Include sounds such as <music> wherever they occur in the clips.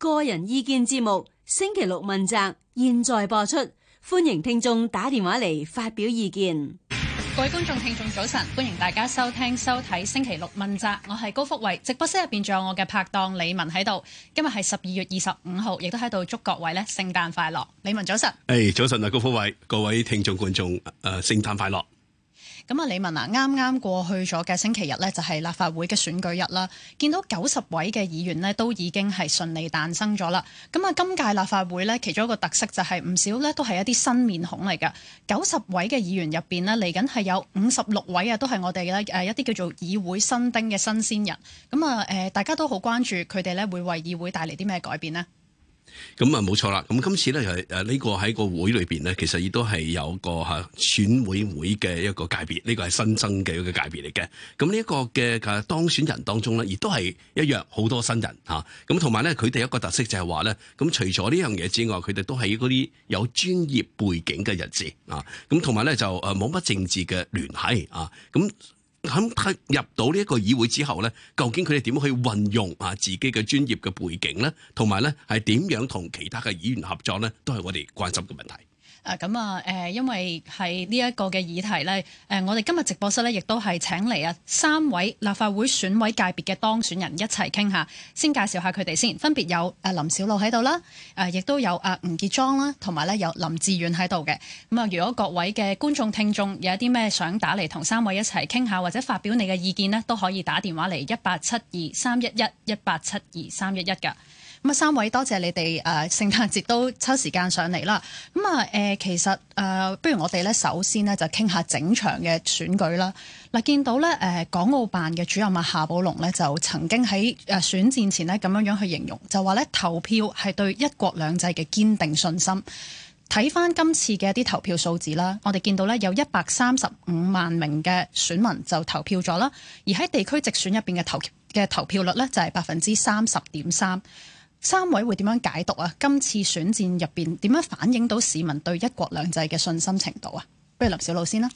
個人意見節目星期六問責，現在播出，歡迎聽眾打電話嚟發表意見。各位觀眾聽眾早晨，歡迎大家收聽收睇星期六問責，我係高福慧，直播室入邊仲有我嘅拍檔李文喺度。今日係十二月二十五號，亦都喺度祝各位咧聖誕快樂。李文早晨，誒、hey, 早晨啊，高福慧，各位聽眾觀眾誒，呃、聖誕快樂。咁啊，李文娜，啱啱過去咗嘅星期日呢，就係立法會嘅選舉日啦。見到九十位嘅議員呢，都已經係順利誕生咗啦。咁啊，今屆立法會呢，其中一個特色就係唔少呢都係一啲新面孔嚟㗎。九十位嘅議員入邊呢，嚟緊係有五十六位啊，都係我哋嘅一啲叫做議會新丁嘅新鮮人。咁啊誒，大家都好關注佢哋呢會為議會帶嚟啲咩改變呢？咁啊，冇錯啦。咁今次咧，誒，呢個喺個會裏邊咧，其實亦都係有個吓選委會嘅一個界別，呢個係新增嘅一個界別嚟嘅。咁呢個嘅誒當選人當中咧，亦都係一樣好多新人吓。咁同埋咧，佢哋一個特色就係話咧，咁除咗呢樣嘢之外，佢哋都係嗰啲有專業背景嘅人士啊。咁同埋咧就誒冇乜政治嘅聯繫啊。咁咁入到呢一個議會之後咧，究竟佢哋點樣去運用啊自己嘅專業嘅背景咧，同埋咧係點樣同其他嘅議員合作咧，都係我哋關心嘅問題。誒咁啊誒，因為係呢一個嘅議題呢，誒、啊、我哋今日直播室呢，亦都係請嚟啊三位立法會選委界別嘅當選人一齊傾下。先介紹下佢哋先，分別有誒林筱魯喺度啦，誒、啊、亦都有誒吳傑莊啦，同埋呢有林智遠喺度嘅。咁啊，如果各位嘅觀眾聽眾有一啲咩想打嚟同三位一齊傾下，或者發表你嘅意見呢，都可以打電話嚟一八七二三一一一八七二三一一㗎。咁啊，三位多謝你哋誒、呃、聖誕節都抽時間上嚟啦。咁啊誒，其實誒、呃，不如我哋咧首先咧就傾下整場嘅選舉啦。嗱、呃，見到咧誒、呃，港澳辦嘅主任啊夏寶龍咧就曾經喺誒、呃、選戰前咧咁樣樣去形容，就話咧投票係對一國兩制嘅堅定信心。睇翻今次嘅一啲投票數字啦，我哋見到咧有一百三十五萬名嘅選民就投票咗啦，而喺地區直選入邊嘅投嘅投票率咧就係百分之三十點三。三位會點樣解讀啊？今次選戰入邊點樣反映到市民對一國兩制嘅信心程度啊？不如林筱魯先啦。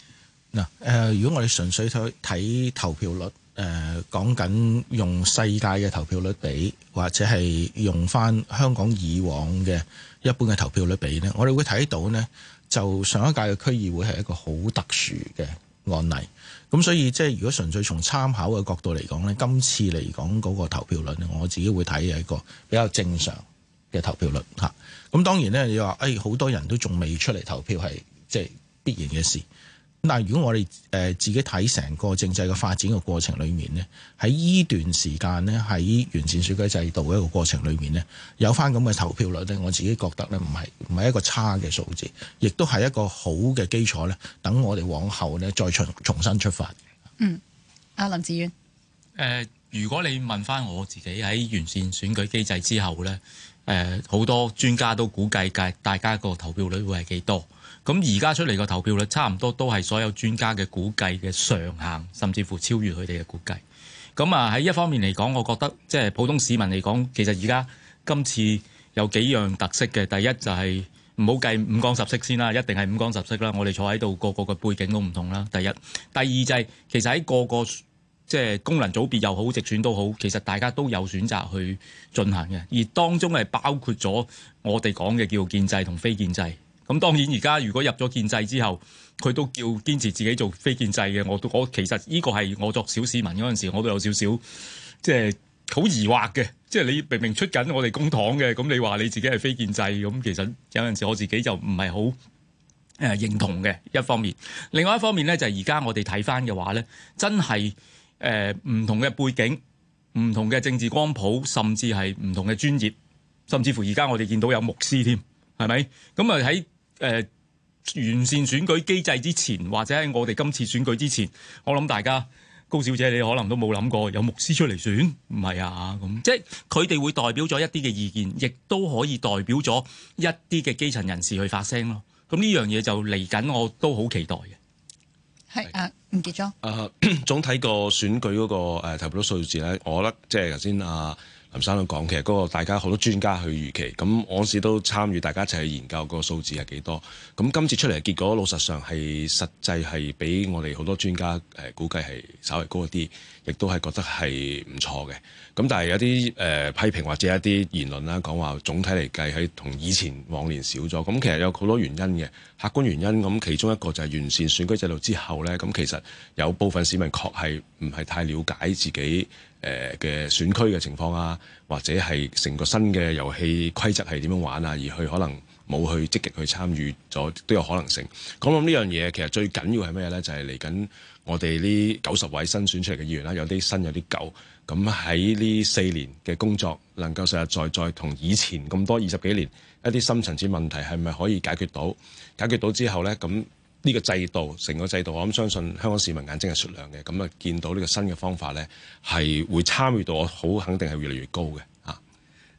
嗱，誒，如果我哋純粹睇睇投票率，誒、呃，講緊用世界嘅投票率比，或者係用翻香港以往嘅一般嘅投票率比呢，我哋會睇到呢，就上一屆嘅區議會係一個好特殊嘅案例。咁、嗯、所以即係如果純粹從參考嘅角度嚟講呢，今次嚟講嗰個投票率，我自己會睇係一個比較正常嘅投票率嚇。咁、嗯、當然呢，你話誒好多人都仲未出嚟投票，係即係必然嘅事。但係如果我哋誒自己睇成個政制嘅發展嘅過程裏面呢，喺依段時間呢，喺完善選舉制度嘅一個過程裏面呢，有翻咁嘅投票率呢，我自己覺得呢，唔係，唔係一個差嘅數字，亦都係一個好嘅基礎呢，等我哋往後呢，再出重新出發。嗯，阿、啊、林智遠，誒、呃，如果你問翻我自己喺完善選舉機制之後呢，誒，好、呃、多專家都估計計大家個投票率會係幾多？咁而家出嚟個投票率差唔多都係所有專家嘅估計嘅上限，甚至乎超越佢哋嘅估計。咁啊，喺一方面嚟講，我覺得即係普通市民嚟講，其實而家今次有幾樣特色嘅。第一就係唔好計五光十色先啦，一定係五光十色啦。我哋坐喺度個個嘅背景都唔同啦。第一，第二就係、是、其實喺個個即係功能組別又好，直選都好，其實大家都有選擇去進行嘅。而當中係包括咗我哋講嘅叫建制同非建制。咁當然而家如果入咗建制之後，佢都叫堅持自己做非建制嘅，我都我其實呢個係我作小市民嗰陣時，我都有少少即係好疑惑嘅，即係你明明出緊我哋公帑嘅，咁你話你自己係非建制，咁其實有陣時我自己就唔係好誒認同嘅一方面。另外一方面咧，就係而家我哋睇返嘅話咧，真係誒唔同嘅背景、唔同嘅政治光譜，甚至係唔同嘅專業，甚至乎而家我哋見到有牧師添，係咪？咁啊喺。誒、呃，完善選舉機製之前，或者係我哋今次選舉之前，我諗大家高小姐你可能都冇諗過有牧師出嚟選，唔係啊咁，即係佢哋會代表咗一啲嘅意見，亦都可以代表咗一啲嘅基層人士去發聲咯。咁呢樣嘢就嚟緊、啊，我都好期待嘅。係啊，吳傑莊啊，總體個選舉嗰、那個誒投票數字咧，我覺得即係頭先啊。呃林生都講，其實嗰個大家好多專家去預期，咁我司都參與，大家一齊去研究個數字係幾多。咁今次出嚟嘅結果，老實上係實際係比我哋好多專家誒估計係稍微高一啲，亦都係覺得係唔錯嘅。咁但係有啲誒、呃、批評或者一啲言論啦，講話總體嚟計喺同以前往年少咗。咁其實有好多原因嘅，客觀原因。咁其中一個就係完善選舉制度之後呢，咁其實有部分市民確係唔係太了解自己。誒嘅、呃、選區嘅情況啊，或者係成個新嘅遊戲規則係點樣玩啊，而佢可能冇去積極去參與咗，都有可能性。講到呢樣嘢，其實最緊要係咩呢？就係嚟緊我哋呢九十位新選出嚟嘅議員啦，有啲新有啲舊。咁喺呢四年嘅工作，能夠實實在在同以前咁多二十幾年一啲深層次問題係咪可以解決到？解決到之後呢？咁。呢個制度，成個制度，我諗相信香港市民眼睛係雪亮嘅，咁啊見到呢個新嘅方法咧，係會參與到，好肯定係越嚟越高嘅啊。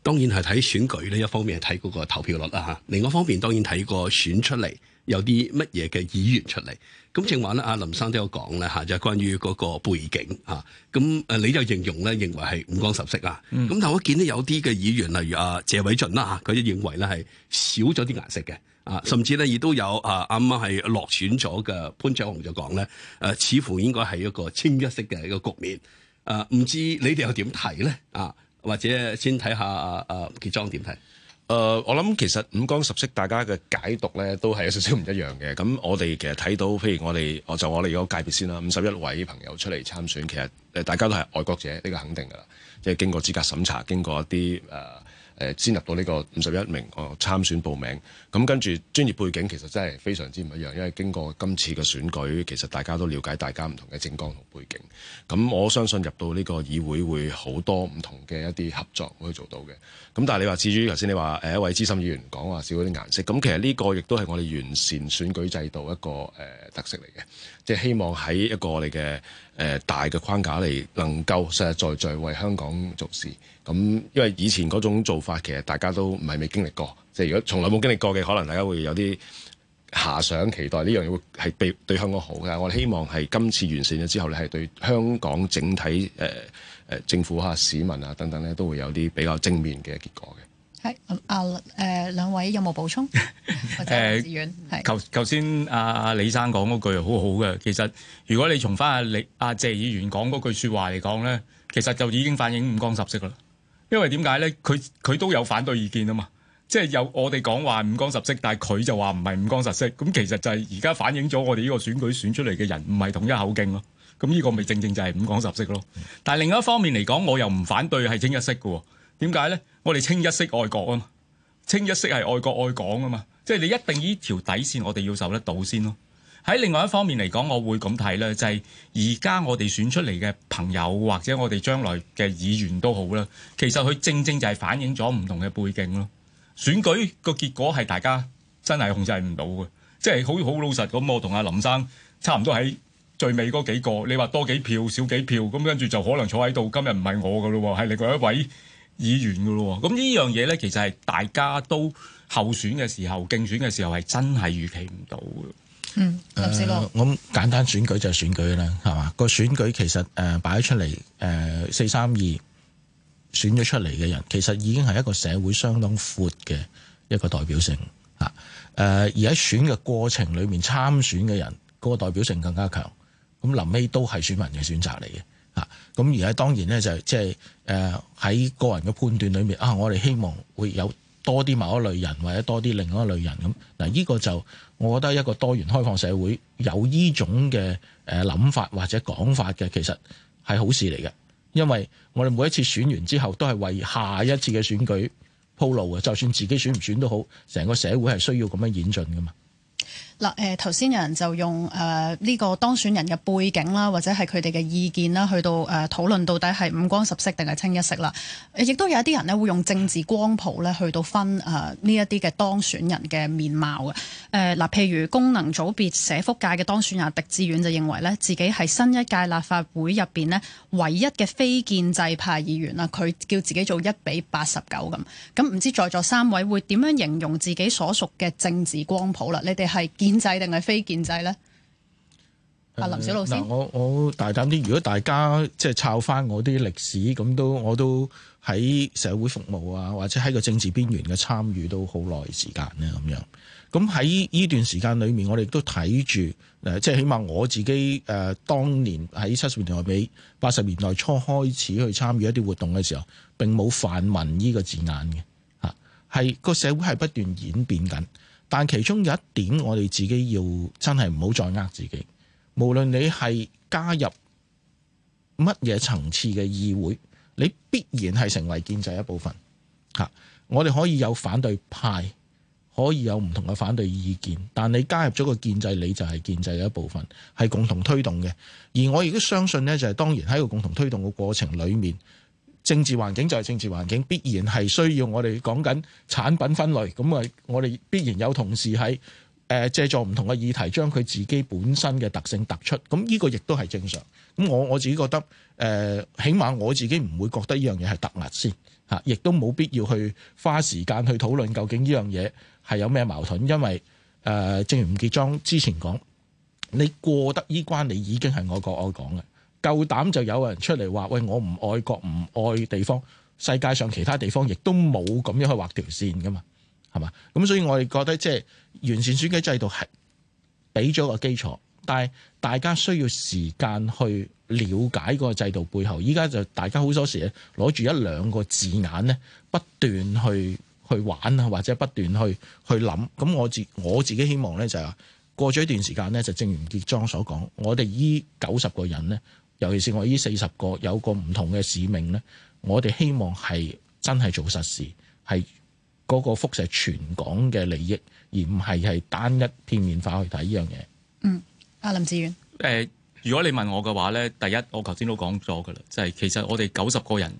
當然係睇選舉呢，一方面係睇嗰個投票率啦嚇，另外一方面當然睇個選出嚟有啲乜嘢嘅議員出嚟。咁正話咧，阿林生都有講咧嚇，就係關於嗰個背景嚇。咁誒你就形容咧，認為係五光十色啦。咁但、嗯、我見到有啲嘅議員例如阿、啊、謝偉俊啦嚇，佢就認為咧係少咗啲顏色嘅。啊，甚至咧亦都有啊，啱啱係落選咗嘅潘焯鴻就講咧，誒、啊、似乎應該係一個清一色嘅一個局面。誒、啊，唔知你哋又點睇咧？啊，或者先睇下誒傑莊點睇。誒、啊呃，我諗其實五光十色，大家嘅解讀咧都係有少少唔一樣嘅。咁我哋其實睇到，譬如我哋，我就我哋個界別先啦，五十一位朋友出嚟參選，其實誒大家都係愛國者，呢、這個肯定噶啦，即、就、係、是、經過資格審查，經過一啲誒。呃先入到呢個五十一名哦，參選報名咁，跟住專業背景其實真係非常之唔一樣，因為經過今次嘅選舉，其實大家都了解大家唔同嘅政綱同背景。咁我相信入到呢個議會會好多唔同嘅一啲合作可以做到嘅。咁但係你話至於頭先你話誒一位資深議員講話少啲顏色，咁其實呢個亦都係我哋完善選舉制度一個誒、呃、特色嚟嘅。即係希望喺一個我哋嘅誒大嘅框架嚟，能夠實實在在為香港做事。咁因為以前嗰種做法，其實大家都唔係未經歷過。即係如果從來冇經歷過嘅，可能大家會有啲遐想期待呢樣嘢會係對對香港好嘅。我哋希望係今次完善咗之後咧，係對香港整體誒誒、呃呃、政府啊、市民啊等等咧，都會有啲比較正面嘅結果嘅。誒阿誒兩位有冇補充？誒、 <laughs> 呃，謝議員，係、啊。頭頭先阿阿李生講嗰句好好嘅，其實如果你從翻阿、啊、李阿、啊、謝議員講嗰句説話嚟講咧，其實就已經反映五光十色噶啦。因為點解咧？佢佢都有反對意見啊嘛。即係有我哋講話五光十色，但係佢就話唔係五光十色。咁其實就係而家反映咗我哋呢個選舉選出嚟嘅人唔係統一口徑咯。咁呢個咪正正就係五光十色咯。但係另一方面嚟講，我又唔反對係清一色嘅喎。點解呢？我哋清一色愛國啊！清一色係愛國愛港啊嘛！即係你一定依條底線，我哋要受得到先咯。喺另外一方面嚟講，我會咁睇咧，就係而家我哋選出嚟嘅朋友，或者我哋將來嘅議員都好啦。其實佢正正就係反映咗唔同嘅背景咯。選舉個結果係大家真係控制唔到嘅，即係好好老實咁。我同阿林生差唔多喺最尾嗰幾個，你話多幾票少幾票咁，跟住就可能坐喺度，今日唔係我噶咯，係另外一位議員嘅咯，咁呢樣嘢咧，其實係大家都候選嘅時候、競選嘅時候，係真係預期唔到嘅。嗯，呃、林筱魯，咁簡單選舉就係選舉啦，係嘛？個選舉其實誒擺咗出嚟誒四三二選咗出嚟嘅人，其實已經係一個社會相當闊嘅一個代表性嚇。誒、呃、而喺選嘅過程裏面參選嘅人，嗰、那個代表性更加強。咁臨尾都係選民嘅選擇嚟嘅。咁而家當然咧、就係，就即係誒喺個人嘅判斷裏面啊，我哋希望會有多啲某一類人，或者多啲另外一類人咁嗱。依、啊呢個就我覺得一個多元開放社會有呢種嘅誒諗法或者講法嘅，其實係好事嚟嘅。因為我哋每一次選完之後，都係為下一次嘅選舉鋪路嘅。就算自己選唔選都好，成個社會係需要咁樣演進噶嘛。嗱，誒頭先有人就用誒呢個當選人嘅背景啦，或者係佢哋嘅意見啦，去到誒討論到底係五光十色定係清一色啦。亦都有一啲人咧會用政治光譜咧去到分誒呢一啲嘅當選人嘅面貌嘅。誒，嗱，譬如功能組別社福界嘅當選人狄志遠就認為呢自己係新一屆立法會入邊咧唯一嘅非建制派議員啦。佢叫自己做一比八十九咁。咁唔知在座三位會點樣形容自己所屬嘅政治光譜啦？你哋係？建制定係非建制咧？阿林筱魯、呃，我我大膽啲，如果大家即係抄翻我啲歷史，咁都我都喺社會服務啊，或者喺個政治邊緣嘅參與都好耐時間咧，咁樣。咁喺呢段時間裏面，我哋都睇住，誒，即係起碼我自己誒、呃，當年喺七十年代尾、八十年代初開始去參與一啲活動嘅時候，並冇泛民呢個字眼嘅。嚇，係、這個社會係不斷演變緊。但其中有一點，我哋自己要真係唔好再呃自己。無論你係加入乜嘢層次嘅議會，你必然係成為建制一部分。吓，我哋可以有反對派，可以有唔同嘅反對意見，但你加入咗個建制，你就係建制嘅一部分，係共同推動嘅。而我亦都相信呢，就係當然喺個共同推動嘅過程裏面。政治環境就係政治環境，必然係需要我哋講緊產品分類，咁啊，我哋必然有同事喺誒、呃、藉助唔同嘅議題，將佢自己本身嘅特性突出，咁呢個亦都係正常。咁我我自己覺得誒、呃，起碼我自己唔會覺得呢樣嘢係突兀先嚇，亦、啊、都冇必要去花時間去討論究竟呢樣嘢係有咩矛盾，因為誒、呃，正如吳傑莊之前講，你過得呢關，你已經係愛國愛港嘅。夠膽就有人出嚟話喂，我唔愛國唔愛地方，世界上其他地方亦都冇咁樣去畫條線噶嘛，係嘛？咁所以我哋覺得即係完善選舉制度係俾咗個基礎，但係大家需要時間去了解個制度背後。依家就大家好多時攞住一兩個字眼呢，不斷去去玩啊，或者不斷去去諗。咁我自我自己希望呢、就是，就係過咗一段時間呢，就正如傑莊所講，我哋依九十個人呢。尤其是我呢四十個有個唔同嘅使命呢，我哋希望係真係做實事，係嗰個輻射全港嘅利益，而唔係係單一片面化去睇呢樣嘢。嗯，阿、啊、林智遠、呃，如果你問我嘅話呢，第一我頭先都講咗㗎喇，就係、是、其實我哋九十個人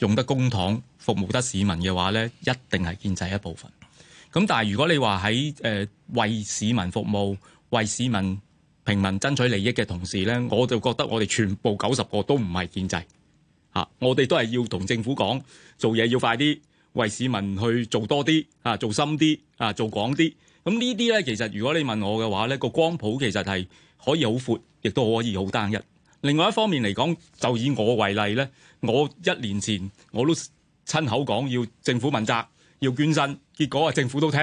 用得公帑服務得市民嘅話呢，一定係建制一部分。咁但係如果你話喺誒為市民服務、為市民。平民爭取利益嘅同時呢，我就覺得我哋全部九十個都唔係建制，啊，我哋都係要同政府講，做嘢要快啲，為市民去做多啲啊，做深啲啊，做廣啲。咁呢啲呢，其實如果你問我嘅話呢，個光譜其實係可以好闊，亦都可以好單一。另外一方面嚟講，就以我為例呢，我一年前我都親口講要政府問責，要捐薪，結果啊，政府都聽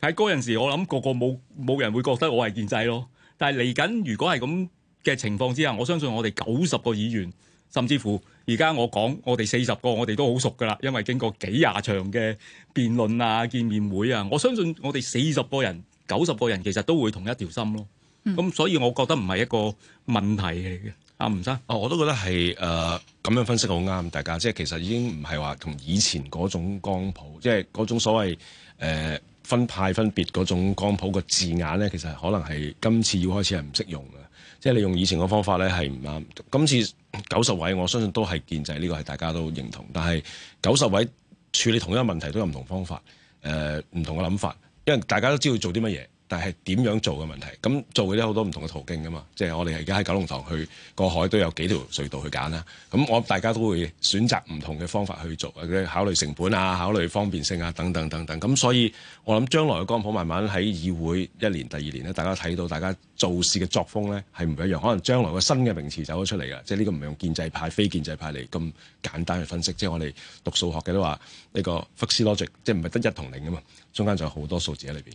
喺嗰陣時，我諗個個冇冇人會覺得我係建制咯。但係嚟緊，如果係咁嘅情況之下，我相信我哋九十個議員，甚至乎而家我講我哋四十個，我哋都好熟㗎喇，因為經過幾廿場嘅辯論啊、見面會啊，我相信我哋四十個人、九十個人其實都會同一條心咯。咁、嗯、所以我覺得唔係一個問題嚟嘅。阿吳生，哦、啊，我都覺得係誒咁樣分析好啱大家，即係其實已經唔係話同以前嗰種光譜，即係嗰種所謂誒。呃分派分別嗰種光譜個字眼呢，其實可能係今次要開始係唔識用嘅，即係你用以前嘅方法呢，係唔啱。今次九十位我相信都係建制，呢個係大家都認同。但係九十位處理同一個問題都有唔同方法，誒、呃、唔同嘅諗法，因為大家都知道做啲乜嘢。但係點樣做嘅問題，咁做嘅都好多唔同嘅途徑噶嘛，即係我哋而家喺九龍塘去過海都有幾條隧道去揀啦。咁我大家都會選擇唔同嘅方法去做，考慮成本啊，考慮方便性啊，等等等等。咁所以我諗將來嘅光譜慢慢喺議會一年、第二年咧，大家睇到大家做事嘅作風咧係唔一樣。可能將來個新嘅名詞走咗出嚟啊，即係呢個唔係用建制派、非建制派嚟咁簡單去分析。即係我哋讀數學嘅都話呢、這個 fuzzy logic，即係唔係得一同零噶嘛，中間仲有好多數字喺裏邊。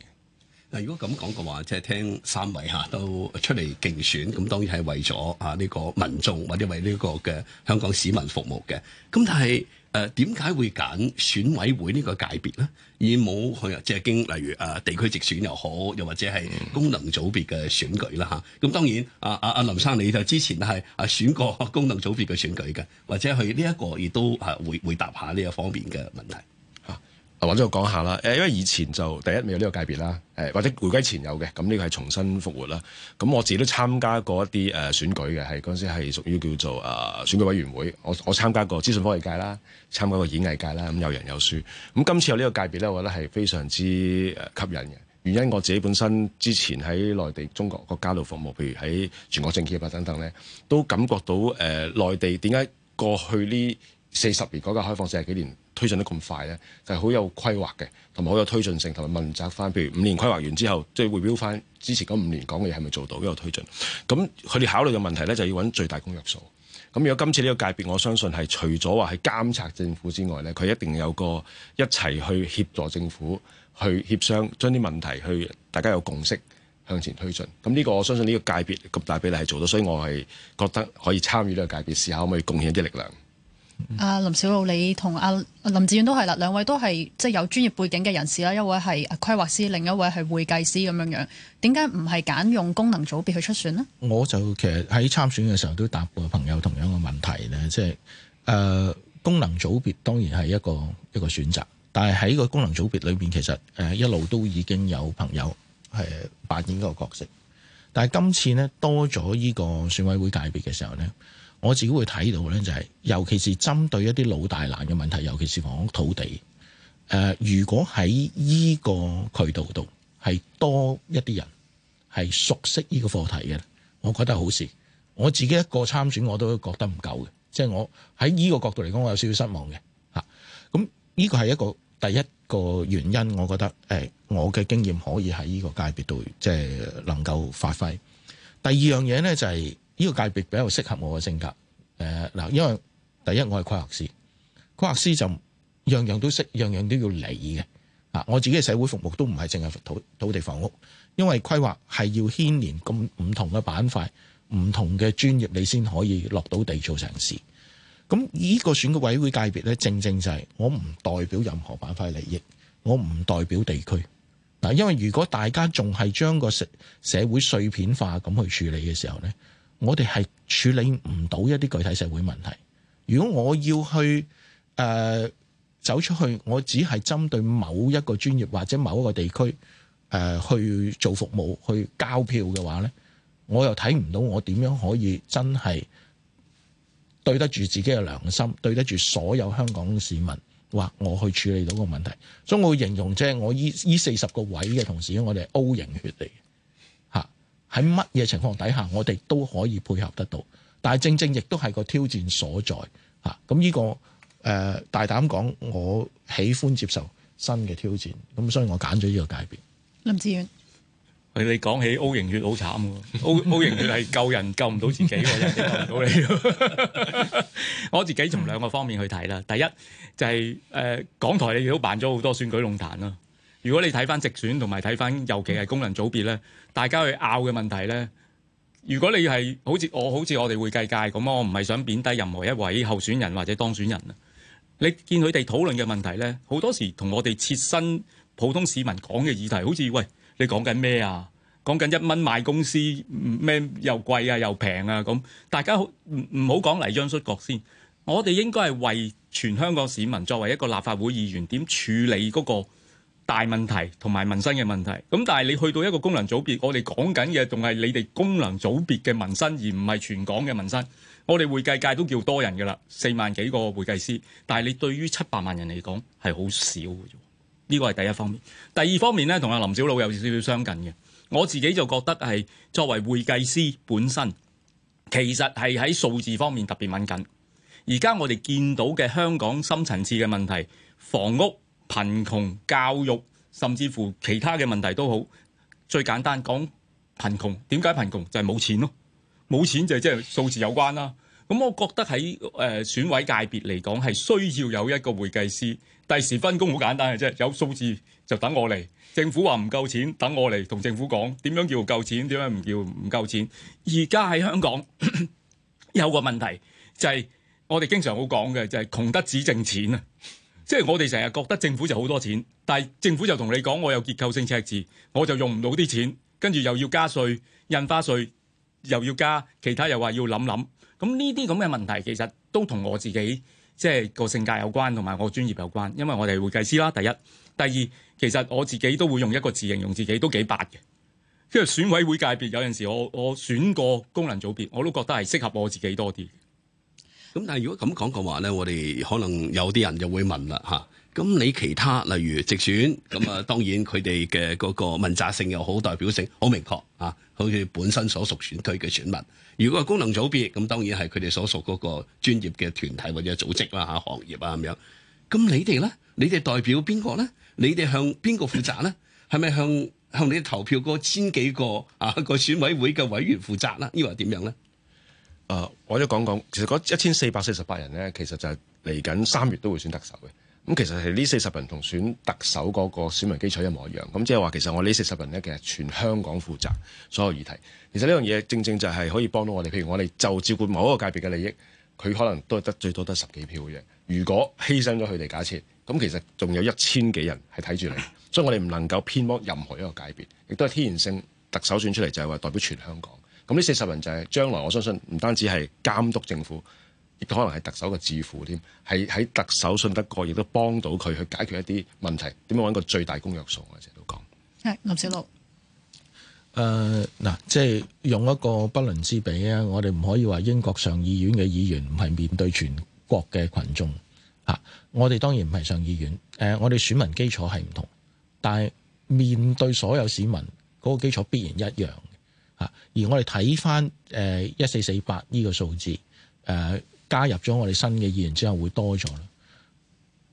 嗱，如果咁講嘅話，即係聽三位嚇都出嚟競選，咁當然係為咗啊呢個民眾或者為呢個嘅香港市民服務嘅。咁但係誒點解會揀選，選，選委會呢個界別咧？而冇去即係經例如啊地區直選又好，又或者係功能組別嘅選舉啦嚇。咁當然啊啊啊林生你就之前係啊選過功能組別嘅選舉嘅，或者去呢一個亦都誒回回答下呢一方面嘅問題。啊，或者我講下啦，誒，因為以前就第一未有呢個界別啦，誒，或者回歸前有嘅，咁呢個係重新復活啦。咁我自己都參加過一啲誒選舉嘅，係嗰陣時係屬於叫做誒、呃、選舉委員會，我我參加過資訊科技界啦，參加過演藝界啦，咁有人有輸。咁今次有呢個界別咧，我覺得係非常之誒吸引嘅。原因我自己本身之前喺內地中國國家度服務，譬如喺全國政協啊等等咧，都感覺到誒、呃、內地點解過去呢四十年改革、嗰個、開放四十幾年。推進得咁快呢，就係好有規劃嘅，同埋好有推進性，同埋問責翻。譬如五年規劃完之後，即係回表翻之前嗰五年講嘅嘢係咪做到，有冇推進？咁佢哋考慮嘅問題呢，就要揾最大公約數。咁如果今次呢個界別，我相信係除咗話係監察政府之外呢，佢一定有個一齊去協助政府去協商，將啲問題去大家有共識向前推進。咁呢個我相信呢個界別咁大比例係做到，所以我係覺得可以參與呢個界別，試下可唔可以貢獻一啲力量。阿林筱魯，你同阿林智遠都係啦，兩位都係即係有專業背景嘅人士啦，一位係規劃師，另一位係會計師咁樣樣。點解唔係揀用功能組別去出選呢？我就其實喺參選嘅時候都答過朋友同樣嘅問題呢，即係誒功能組別當然係一個一個選擇，但係喺個功能組別裏邊，其實誒一路都已經有朋友係扮演嗰個角色，但係今次呢，多咗呢個選委會界別嘅時候呢。我自己會睇到咧，就係尤其是針對一啲老大難嘅問題，尤其是房屋土地。誒，如果喺依個渠道度係多一啲人係熟悉呢個課題嘅，我覺得好事。我自己一個參選我都覺得唔夠嘅，即係我喺依個角度嚟講，我有少少失望嘅嚇。咁呢個係一個第一個原因，我覺得誒，我嘅經驗可以喺呢個界別度即係能夠發揮。第二樣嘢咧就係。呢個界別比較適合我嘅性格，誒嗱、呃，因為第一我係規劃師，規劃師就樣樣都識，樣樣都要理嘅啊，呃。我自己嘅社會服務都唔係淨係土土地房屋，因為規劃係要牽連咁唔同嘅板塊、唔同嘅專業，你先可以落到地做成事。咁、呃、呢、這個選嘅委會界別咧，正正就係我唔代表任何板塊利益，我唔代表地區嗱、呃。因為如果大家仲係將個社社會碎片化咁去處理嘅時候咧。我哋係處理唔到一啲具體社會問題。如果我要去誒、呃、走出去，我只係針對某一個專業或者某一個地區誒、呃、去做服務、去交票嘅話咧，我又睇唔到我點樣可以真係對得住自己嘅良心，對得住所有香港市民，話我去處理到個問題。所以我會形容即係我呢呢四十個位嘅同事，我哋係 O 型血嚟。喺乜嘢情況底下，我哋都可以配合得到，但係正正亦都係個挑戰所在嚇。咁、啊、呢、這個誒、呃，大膽講，我喜歡接受新嘅挑戰，咁所以我揀咗呢個界別。林智遠，你講起 O 型血好慘喎、啊，O、O 型血係救人救唔到自己、啊，我 <laughs> 救唔到你、啊。 <laughs> 我自己從兩個方面去睇啦，第一就係、是、誒、呃、港台你亦都辦咗好多選舉論壇啦、啊。如果你睇翻直選同埋睇翻，尤其係功能組別咧，大家去拗嘅問題咧。如果你係好似我，好似我哋會計界咁啊，我唔係想貶低任何一位候選人或者當選人啊。你見佢哋討論嘅問題咧，好多時同我哋切身普通市民講嘅議題，好似喂，你講緊咩啊？講緊一蚊賣公司，咩又貴啊，又平啊？咁大家唔唔好講嚟。張出國先。我哋應該係為全香港市民作為一個立法會議員點處理嗰個。大問題同埋民生嘅問題，咁但係你去到一個功能組別，我哋講緊嘅仲係你哋功能組別嘅民生，而唔係全港嘅民生。我哋會計界都叫多人㗎喇，四萬幾個會計師，但係你對於七百萬人嚟講係好少嘅啫。呢個係第一方面。第二方面呢，同阿林筱魯有少少相近嘅，我自己就覺得係作為會計師本身，其實係喺數字方面特別敏感。而家我哋見到嘅香港深層次嘅問題，房屋、貧窮、教育，甚至乎其他嘅問題都好，最簡單講貧窮，點解貧窮就係、是、冇錢咯，冇錢就係即係數字有關啦、啊。咁、嗯、我覺得喺誒、呃、選委界別嚟講，係需要有一個會計師。第時分工好簡單嘅啫，有數字就等我嚟。政府話唔夠錢，等我嚟同政府講點樣叫夠錢，點樣唔叫唔夠錢。而家喺香港 <laughs> 有個問題就係、是、我哋經常好講嘅就係、是、窮得只剩錢啊！即係我哋成日覺得政府就好多錢，但係政府就同你講我有結構性赤字，我就用唔到啲錢，跟住又要加稅、印花稅，又要加，其他又話要諗諗。咁呢啲咁嘅問題其實都同我自己即係個性格有關，同埋我專業有關。因為我哋會計師啦，第一、第二，其實我自己都會用一個字形容自己，都幾白嘅。因為選委會界別有陣時我，我我選個功能組別，我都覺得係適合我自己多啲。咁但係如果咁講嘅話咧，我哋可能有啲人就會問啦嚇。咁、啊、你其他例如直選，咁啊當然佢哋嘅嗰個問責性又好，代表性好明確啊。好似本身所屬選區嘅選民，如果係功能組別，咁當然係佢哋所屬嗰個專業嘅團體或者組織啦、啊，行業啊咁樣。咁你哋咧，你哋代表邊個咧？你哋向邊個負責咧？係咪 <laughs> 向向你投票嗰千幾個啊個選委會嘅委員負責啦？抑或點樣咧？誒、呃，我都講講，其實嗰一千四百四十八人呢，其實就係嚟緊三月都會選特首嘅。咁其實係呢四十人同選特首嗰個選民基礎一模一樣。咁即係話，其實我呢四十人呢，其實全香港負責所有議題。其實呢樣嘢正正就係可以幫到我哋。譬如我哋就照顧某一個界別嘅利益，佢可能都係得最多得十幾票嘅。如果犧牲咗佢哋，假設咁，其實仲有一千幾人係睇住你，所以我哋唔能夠偏幫任何一個界別，亦都係天然性。特首選出嚟就係話代表全香港。咁呢四十人就係將來，我相信唔單止係監督政府，亦都可能係特首嘅智庫添，係喺特首信得過，亦都幫到佢去解決一啲問題。點樣揾個最大公約數？我成日都講，係林筱魯。誒嗱、呃，即係用一個不倫之比啊！我哋唔可以話英國上議院嘅議員唔係面對全國嘅群眾嚇、啊，我哋當然唔係上議院。誒、呃，我哋選民基礎係唔同，但係面對所有市民嗰、那個基礎必然一樣。啊！而我哋睇返誒一四四八呢個數字，誒、呃、加入咗我哋新嘅議員之後，會多咗啦。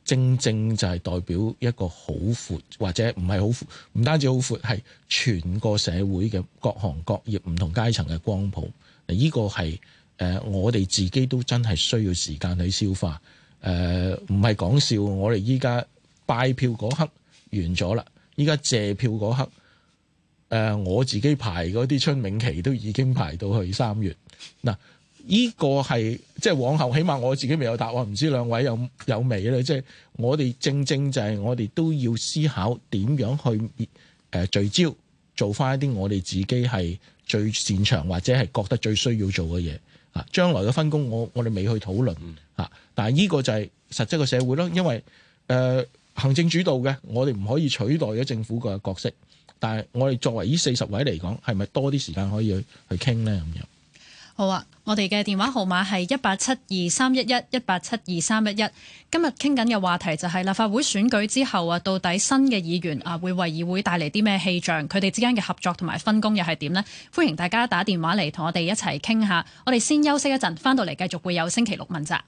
正正就係代表一個好闊，或者唔係好闊，唔單止好闊，係全個社會嘅各行各業、唔同階層嘅光譜。呢、這個係誒、呃、我哋自己都真係需要時間去消化。誒唔係講笑，我哋依家拜票嗰刻完咗啦，依家謝票嗰刻。誒、呃、我自己排嗰啲春茗期都已經排到去三月，嗱依，這個係即係往後，起碼我自己未有答案，唔知兩位有有未咧？即係我哋正正就係我哋都要思考點樣去誒、呃、聚焦，做翻一啲我哋自己係最擅長或者係覺得最需要做嘅嘢啊！將來嘅分工我，我我哋未去討論啊，但係呢個就係實質嘅社會咯，因為誒、呃、行政主導嘅，我哋唔可以取代咗政府個角色。但係我哋作為呢四十位嚟講，係咪多啲時間可以去去傾呢？咁樣？好啊，我哋嘅電話號碼係一八七二三一一一八七二三一一。今日傾緊嘅話題就係立法會選舉之後啊，到底新嘅議員啊會為議會帶嚟啲咩氣象？佢哋之間嘅合作同埋分工又係點呢？歡迎大家打電話嚟同我哋一齊傾下。我哋先休息一陣，翻到嚟繼續會有星期六問責。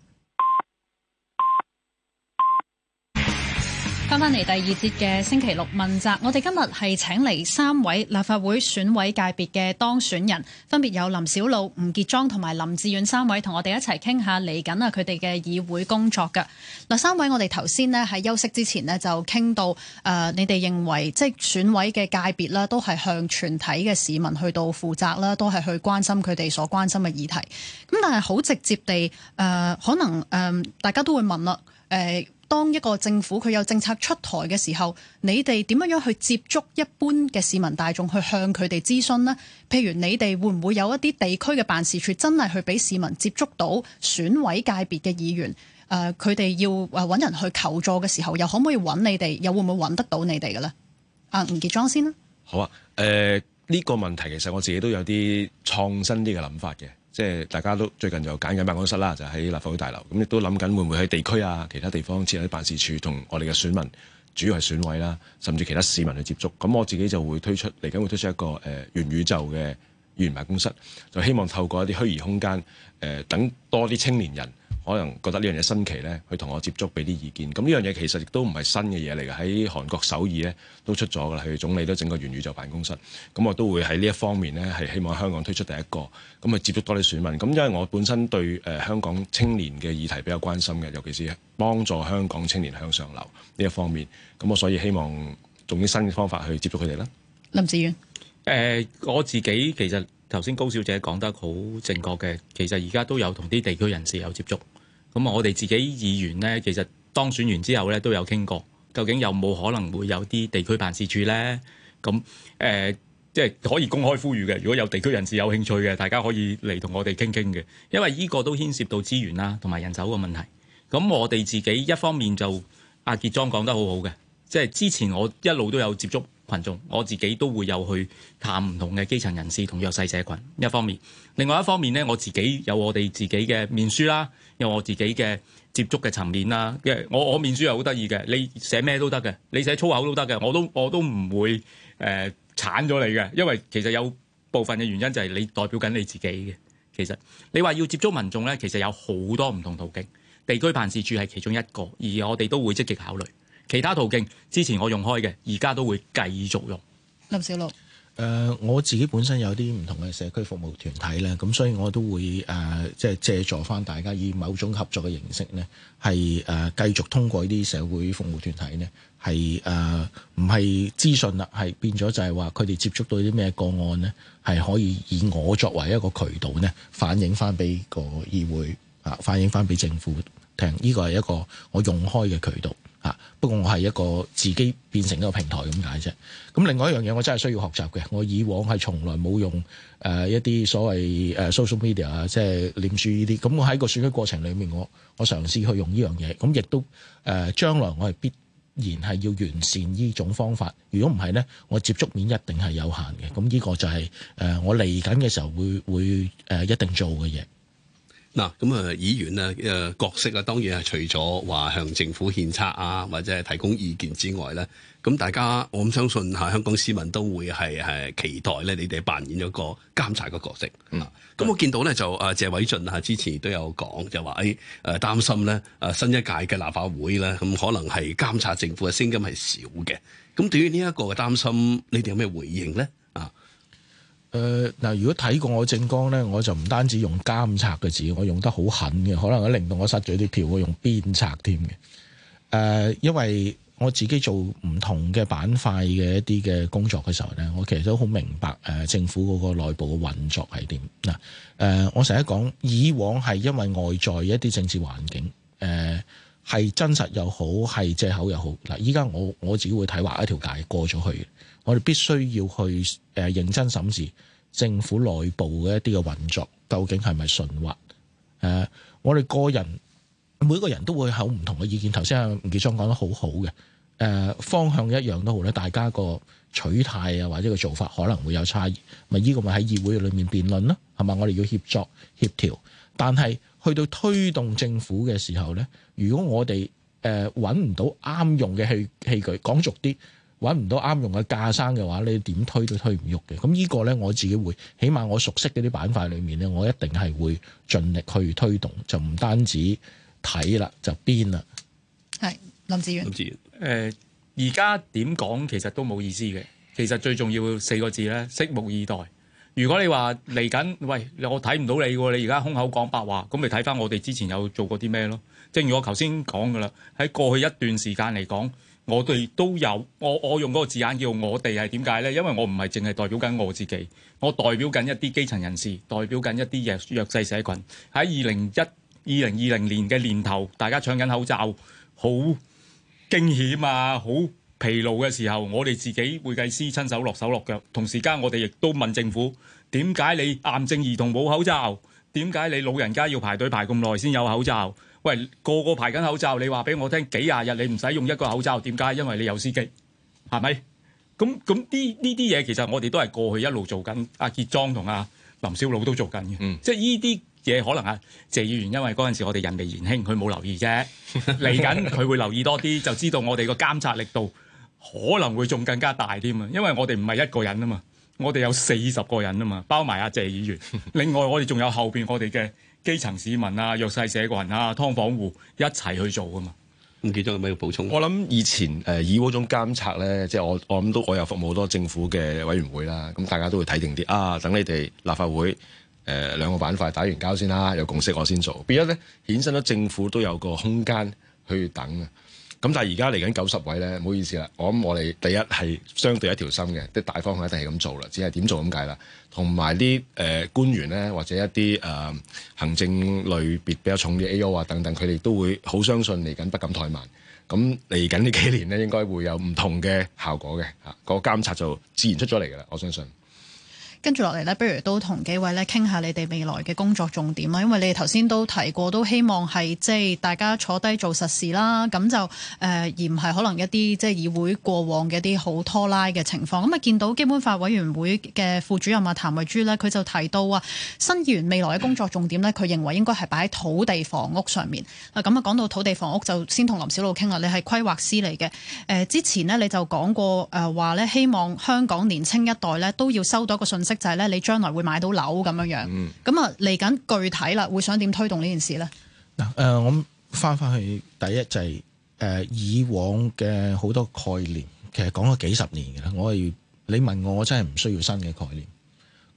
翻翻嚟第二節嘅星期六問責，我哋今日係請嚟三位立法會選委界別嘅當選人，分別有林筱魯、吳傑莊同埋林智遠三位，同我哋一齊傾下嚟緊啊佢哋嘅議會工作㗎。嗱，三位我哋頭先咧喺休息之前咧就傾到誒、呃，你哋認為即係選委嘅界別咧都係向全體嘅市民去到負責啦，都係去關心佢哋所關心嘅議題。咁但係好直接地誒、呃，可能誒、呃、大家都會問啦誒。呃當一個政府佢有政策出台嘅時候，你哋點樣樣去接觸一般嘅市民大眾去向佢哋諮詢呢？譬如你哋會唔會有一啲地區嘅辦事處真係去俾市民接觸到選委界別嘅議員？誒、呃，佢哋要誒揾人去求助嘅時候，又可唔可以揾你哋？又會唔會揾得到你哋嘅咧？阿吳傑莊先啦。好啊，誒、呃，呢個問題其實我自己都有啲創新啲嘅諗法嘅。即係大家都最近就揀緊辦公室啦，就喺立法會大樓。咁亦都諗緊會唔會喺地區啊、其他地方設下啲辦事處，同我哋嘅選民，主要係選委啦，甚至其他市民去接觸。咁我自己就會推出嚟緊會推出一個誒、呃、元宇宙嘅議員辦公室，就希望透過一啲虛擬空間，誒、呃、等多啲青年人。可能覺得呢樣嘢新奇呢，去同我接觸，俾啲意見。咁呢樣嘢其實亦都唔係新嘅嘢嚟嘅。喺韓國首爾呢，都出咗噶啦，佢總理都整個元宇宙辦公室。咁我都會喺呢一方面呢，係希望香港推出第一個，咁啊，接觸多啲選民。咁因為我本身對誒香港青年嘅議題比較關心嘅，尤其是幫助香港青年向上流呢一方面。咁我所以希望用啲新嘅方法去接觸佢哋啦。林智遠，誒、呃、我自己其實頭先高小姐講得好正確嘅。其實而家都有同啲地區人士有接觸。咁我哋自己議員呢，其實當選完之後呢，都有傾過，究竟有冇可能會有啲地區辦事處呢？咁誒、呃，即係可以公開呼籲嘅，如果有地區人士有興趣嘅，大家可以嚟同我哋傾傾嘅，因為呢個都牽涉到資源啦、啊，同埋人手嘅問題。咁我哋自己一方面就阿傑莊講得好好嘅，即係之前我一路都有接觸。羣眾，我自己都會有去探唔同嘅基層人士同弱勢社群，一方面，另外一方面呢，我自己有我哋自己嘅面書啦，有我自己嘅接觸嘅層面啦。即，我我面書係好得意嘅，你寫咩都得嘅，你寫粗口都得嘅，我都我都唔會誒鏟咗你嘅，因為其實有部分嘅原因就係你代表緊你自己嘅。其實你話要接觸民眾呢，其實有好多唔同途徑，地區辦事處係其中一個，而我哋都會積極考慮。其他途徑之前我用開嘅，而家都會繼續用。林筱魯誒、呃，我自己本身有啲唔同嘅社區服務團體咧，咁所以我都會誒，即、呃、係借助翻大家以某種合作嘅形式呢，係誒、呃、繼續通過啲社會服務團體呢，係誒唔係資訊啦，係變咗就係話佢哋接觸到啲咩個案呢？係可以以我作為一個渠道呢，反映翻俾個議會啊，反映翻俾政府聽。呢、這個係一個我用開嘅渠道。啊！不過我係一個自己變成一個平台咁解啫。咁另外一樣嘢，我真係需要學習嘅。我以往係從來冇用誒、呃、一啲所謂誒、呃、social media 啊，即係臉書依啲。咁我喺個選舉過程裡面，我我嘗試去用呢樣嘢。咁亦都誒，將、呃、來我係必然係要完善呢種方法。如果唔係咧，我接觸面一定係有限嘅。咁呢個就係、是、誒、呃、我嚟緊嘅時候會會誒、呃、一定做嘅嘢。嗱，咁啊，議員咧，誒、呃、角色啊，當然係除咗話向政府獻策啊，或者係提供意見之外咧，咁大家我相信嚇香港市民都會係係期待咧，你哋扮演咗個監察嘅角色。嗯，咁我見到咧就啊、呃，謝偉俊嚇之前都有講，就話誒、哎呃、擔心咧，誒新一屆嘅立法會咧，咁可能係監察政府嘅聲音係少嘅。咁對於呢一個嘅擔心，你哋有咩回應咧？誒，嗱、呃，如果睇過我政綱咧，我就唔單止用監察嘅字，我用得好狠嘅，可能令到我失咗啲票，我用鞭策添嘅。誒、呃，因為我自己做唔同嘅板塊嘅一啲嘅工作嘅時候咧，我其實都好明白誒、呃，政府嗰個內部嘅運作係點。嗱，誒，我成日講，以往係因為外在一啲政治環境，誒、呃，係真實又好，係借口又好。嗱、呃，依家我我自己會睇劃一條街過咗去。我哋必須要去誒認真審視政府內部嘅一啲嘅運作，究竟係咪順滑？誒、呃，我哋個人每個人都會有唔同嘅意見。頭先阿吳傑莊講得好好嘅，誒、呃、方向一樣都好咧，大家個取態啊，或者個做法可能會有差異。咪、這、呢個咪喺議會裏面辯論咯，係嘛？我哋要協作協調，但係去到推動政府嘅時候咧，如果我哋誒揾唔到啱用嘅器器具，講俗啲。揾唔到啱用嘅架生嘅話，你點推都推唔喐嘅。咁呢個咧，我自己會，起碼我熟悉嗰啲板塊裏面咧，我一定係會盡力去推動，就唔單止睇啦，就變啦。係林智遠。林智遠。誒，而家點講其實都冇意思嘅。其實最重要四個字咧，拭目以待。如果你話嚟緊，喂，我睇唔到你喎，你而家空口講白話，咁咪睇翻我哋之前有做過啲咩咯？正如我頭先講㗎啦，喺過去一段時間嚟講。我哋都有，我我用嗰個字眼叫我哋係點解呢？因為我唔係淨係代表緊我自己，我代表緊一啲基層人士，代表緊一啲弱弱勢社群。喺二零一二零二零年嘅年頭，大家搶緊口罩，好驚險啊，好疲勞嘅時候，我哋自己會計師親手落手落腳。同時間我哋亦都問政府，點解你癌症兒童冇口罩，點解你老人家要排隊排咁耐先有口罩？喂，個個排緊口罩，你話俾我聽幾廿日，你唔使用，用一個口罩，點解？因為你有司機，係咪？咁咁啲呢啲嘢，其實我哋都係過去一路做緊。阿、啊、傑莊同阿、啊、林筱魯都做緊嘅，嗯、即係呢啲嘢可能阿、啊、謝議員，因為嗰陣時我哋人微言輕，佢冇留意啫。嚟緊佢會留意多啲，就知道我哋個監察力度可能會仲更加大添啊！因為我哋唔係一個人啊嘛，我哋有四十個人啊嘛，包埋阿、啊、謝議員。另外，我哋仲有後邊我哋嘅。基層市民啊、弱勢社群啊、劏房戶一齊去做啊嘛！唔記得有咩要補充？我諗以前誒以嗰種監察咧，即係我我諗都我有服務好多政府嘅委員會啦，咁大家都會睇定啲啊。等你哋立法會誒兩個板塊打完交先啦，有共識我先做。變咗咧，衍生咗政府都有個空間去等啊。咁但係而家嚟緊九十位咧，唔好意思啦，我諗我哋第一係相對一條心嘅，即係大方向一定係咁做啦，只係點做咁解啦。同埋啲誒官員咧，或者一啲誒、呃、行政類別比較重嘅 A.O. 啊等等，佢哋都會好相信嚟緊，不敢怠慢。咁嚟緊呢幾年咧，應該會有唔同嘅效果嘅嚇，個監察就自然出咗嚟嘅啦，我相信。跟住落嚟咧，不如都同幾位咧傾下你哋未來嘅工作重點啊！因為你哋頭先都提過都希望係即係大家坐低做實事啦。咁就誒、呃、而唔係可能一啲即係議會過往嘅一啲好拖拉嘅情況，咁、嗯、啊，見到基本法委員會嘅副主任啊，譚慧珠咧，佢就提到啊，新議員未來嘅工作重點咧，佢認為應該係擺喺土地房屋上面。啊，咁啊，講到土地房屋就先同林筱魯傾啦。你係規劃師嚟嘅，誒、呃、之前咧你就講過誒話咧，希望香港年青一代咧都要收到一個信息。就係咧，你將來會買到樓咁樣樣，咁啊嚟緊具體啦，會想點推動呢件事咧？嗱，誒，我翻翻去，第一就係、是、誒、呃，以往嘅好多概念，其實講咗幾十年嘅啦。我係你問我，我真係唔需要新嘅概念。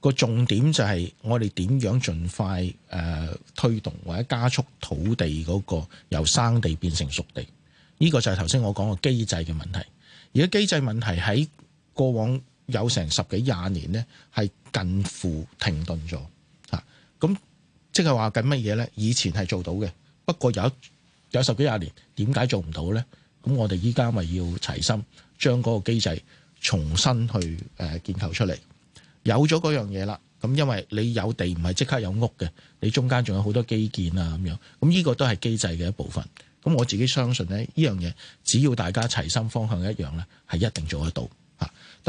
個重點就係我哋點樣盡快誒、呃、推動或者加速土地嗰、那個由生地變成熟地。呢、這個就係頭先我講嘅機制嘅問題。而家機制問題喺過往。有成十幾廿年呢，係近乎停頓咗嚇。咁、啊、即係話緊乜嘢呢？以前係做到嘅，不過有有十幾廿年，點解做唔到呢？咁我哋依家咪要齊心，將嗰個機制重新去誒、呃、建構出嚟。有咗嗰樣嘢啦，咁因為你有地唔係即刻有屋嘅，你中間仲有好多基建啊咁樣。咁依個都係機制嘅一部分。咁我自己相信呢，呢樣嘢只要大家齊心，方向一樣呢，係一定做得到。.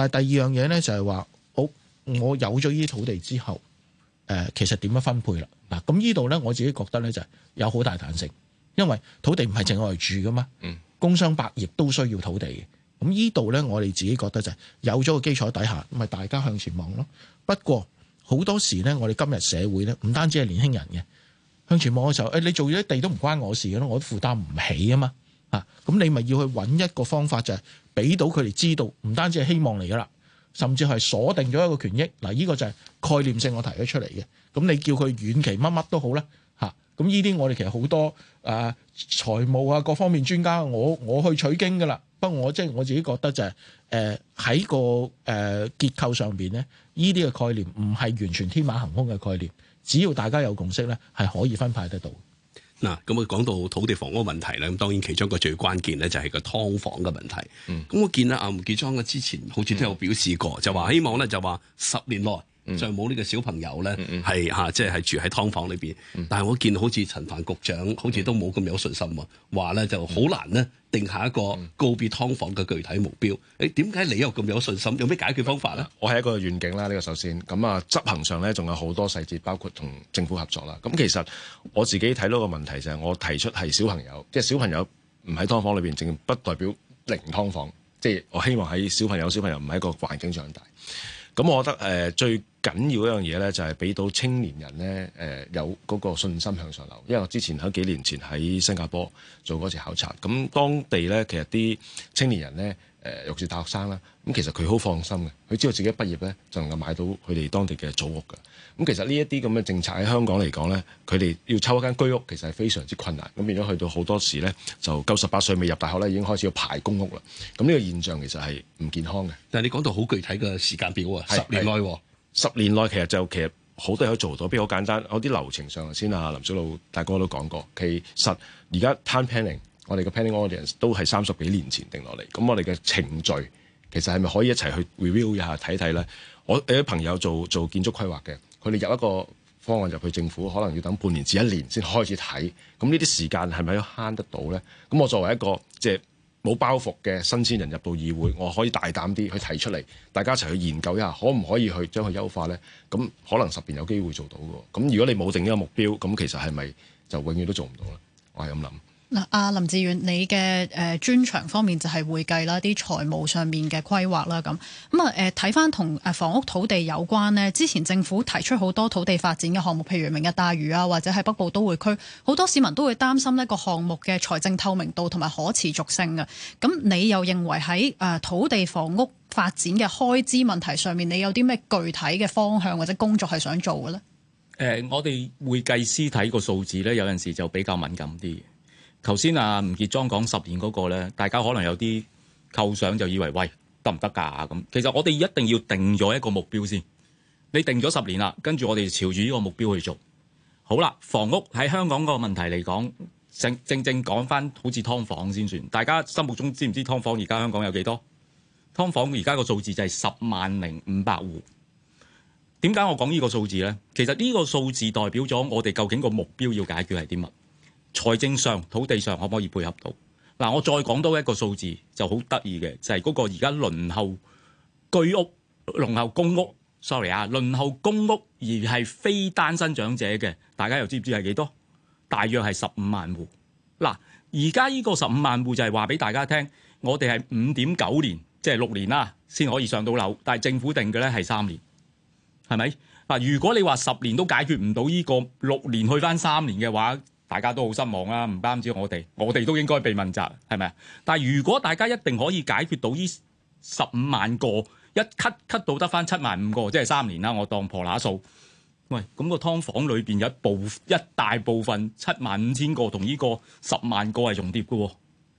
但係第二樣嘢咧就係話，我我有咗呢啲土地之後，誒、呃，其實點樣分配啦？嗱，咁呢度咧我自己覺得咧就係、是、有好大彈性，因為土地唔係淨係我哋住噶嘛，嗯、工商百業都需要土地嘅。咁呢度咧我哋自己覺得就係、是、有咗個基礎底下，咪大家向前望咯。不過好多時咧，我哋今日社會咧，唔單止係年輕人嘅向前望嘅時候，誒、欸，你做咗啲地都唔關我事嘅咯，我都負擔唔起啊嘛，啊，咁你咪要去揾一個方法就係、是。俾到佢哋知道，唔單止係希望嚟噶啦，甚至係鎖定咗一個權益。嗱，呢個就係概念性我提咗出嚟嘅。咁你叫佢遠期乜乜都好啦，嚇。咁呢啲我哋其實好多誒財、呃、務啊各方面專家，我我去取經噶啦。不過我即係我自己覺得就係誒喺個誒、呃、結構上邊咧，呢啲嘅概念唔係完全天馬行空嘅概念，只要大家有共識咧，係可以分派得到。嗱，咁啊講到土地房屋問題呢，咁當然其中一個最關鍵呢，就係個㓥房嘅問題。咁、嗯、我見啊阿吳傑莊之前好似都有表示過，嗯、就話希望呢，就話十年內，就冇呢個小朋友咧，係嚇、嗯，即係住喺劏房裏邊。但係我見好似陳帆局長，好似都冇咁有，有信心喎。話咧、嗯、就好難咧定下一個告別劏房嘅具體目標。誒、嗯、點、嗯、解你又咁有信心？有咩解決方法咧？我係一個願景啦，呢個首先。咁啊，執行上咧仲有好多細節，包括同政府合作啦。咁其實我自己睇到個問題就係，我提出係小朋友，即、就、係、是、小朋友唔喺劏房裏邊，正不代表零劏房。即、就、係、是、我希望喺小朋友小朋友唔喺個環境長大。咁我覺得誒、呃、最緊要的一樣嘢咧，就係俾到青年人咧誒、呃、有嗰個信心向上流。因為我之前喺幾年前喺新加坡做過一次考察，咁當地咧其實啲青年人咧。誒，尤其大學生啦，咁其實佢好放心嘅，佢知道自己畢業咧就能夠買到佢哋當地嘅祖屋㗎。咁其實呢一啲咁嘅政策喺香港嚟講咧，佢哋要抽一間居屋其實係非常之困難。咁變咗去到好多時咧，就夠十八歲未入大學咧已經開始要排公屋啦。咁呢個現象其實係唔健康嘅。但係你講到好具體嘅時間表啊，十年內，十年內其實就其實好多嘢可以做到，比如好簡單，我啲流程上先啊，林筱魯大哥都講過，其實而家 time planning 我哋嘅 planning audience 都係三十幾年前定落嚟，咁我哋嘅程序其實係咪可以一齊去 review 一下睇睇咧？我有啲朋友做做建築規劃嘅，佢哋入一個方案入去政府，可能要等半年至一年先開始睇，咁呢啲時間係咪都慳得到咧？咁我作為一個即係冇包袱嘅新鮮人入到議會，嗯、我可以大膽啲去提出嚟，大家一齊去研究一下，可唔可以去將佢優化咧？咁可能十年有機會做到嘅。咁如果你冇定呢個目標，咁其實係咪就永遠都做唔到咧？我係咁諗。嗱，阿林智遠，你嘅誒專長方面就係會計啦，啲財務上面嘅規劃啦，咁咁啊誒，睇翻同誒房屋土地有關呢，之前政府提出好多土地發展嘅項目，譬如明日大嶼啊，或者係北部都會區，好多市民都會擔心呢個項目嘅財政透明度同埋可持續性嘅。咁你又認為喺誒土地房屋發展嘅開支問題上面，你有啲咩具體嘅方向或者工作係想做嘅呢？誒、呃，我哋會計師睇個數字咧，有陣時就比較敏感啲。頭先啊，吳傑莊講十年嗰個咧，大家可能有啲構想就以為喂得唔得㗎咁。其實我哋一定要定咗一個目標先。你定咗十年啦，跟住我哋朝住呢個目標去做。好啦，房屋喺香港個問題嚟講，正正正講翻好似劏房先算。大家心目中知唔知劏房而家香港有幾多？劏房而家個數字就係十萬零五百戶。點解我講呢個數字呢？其實呢個數字代表咗我哋究竟個目標要解決係啲乜？財政上、土地上可唔可以配合到？嗱，我再講多一個數字就好得意嘅，就係嗰、就是、個而家輪候居屋、輪候公屋，sorry 啊，輪候公屋而係非單身長者嘅，大家又知唔知係幾多？大約係十五萬戶。嗱，而家呢個十五萬戶就係話俾大家聽，我哋係五點九年，即係六年啦，先可以上到樓。但係政府定嘅呢係三年，係咪？嗱，如果你話十年都解決唔到呢個六年去返三年嘅話，大家都好失望啦、啊，唔單止我哋，我哋都應該被問責，係咪？但係如果大家一定可以解決到呢十五萬個，一咳咳到得返七萬五個，即係三年啦，我當婆乸數。喂，咁、那個劏房裏邊有一部一大部分七萬五千個同呢個十萬個係重疊嘅喎，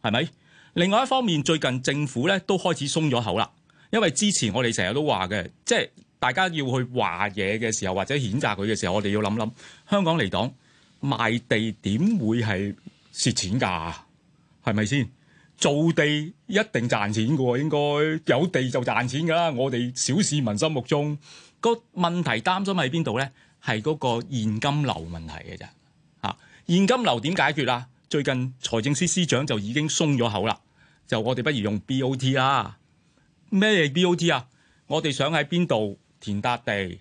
係咪？另外一方面，最近政府咧都開始鬆咗口啦，因為之前我哋成日都話嘅，即係大家要去話嘢嘅時候或者譴責佢嘅時候，我哋要諗諗香港嚟講。.賣地點會係蝕錢噶？係咪先做地一定賺錢嘅？應該有地就賺錢噶。我哋小市民心目中個問題擔心喺邊度咧？係嗰個現金流問題嘅咋吓？現金流點解決啊？最近財政司司長就已經鬆咗口啦，就我哋不如用 BOT 啦。咩 BOT 啊？我哋想喺邊度填笪地，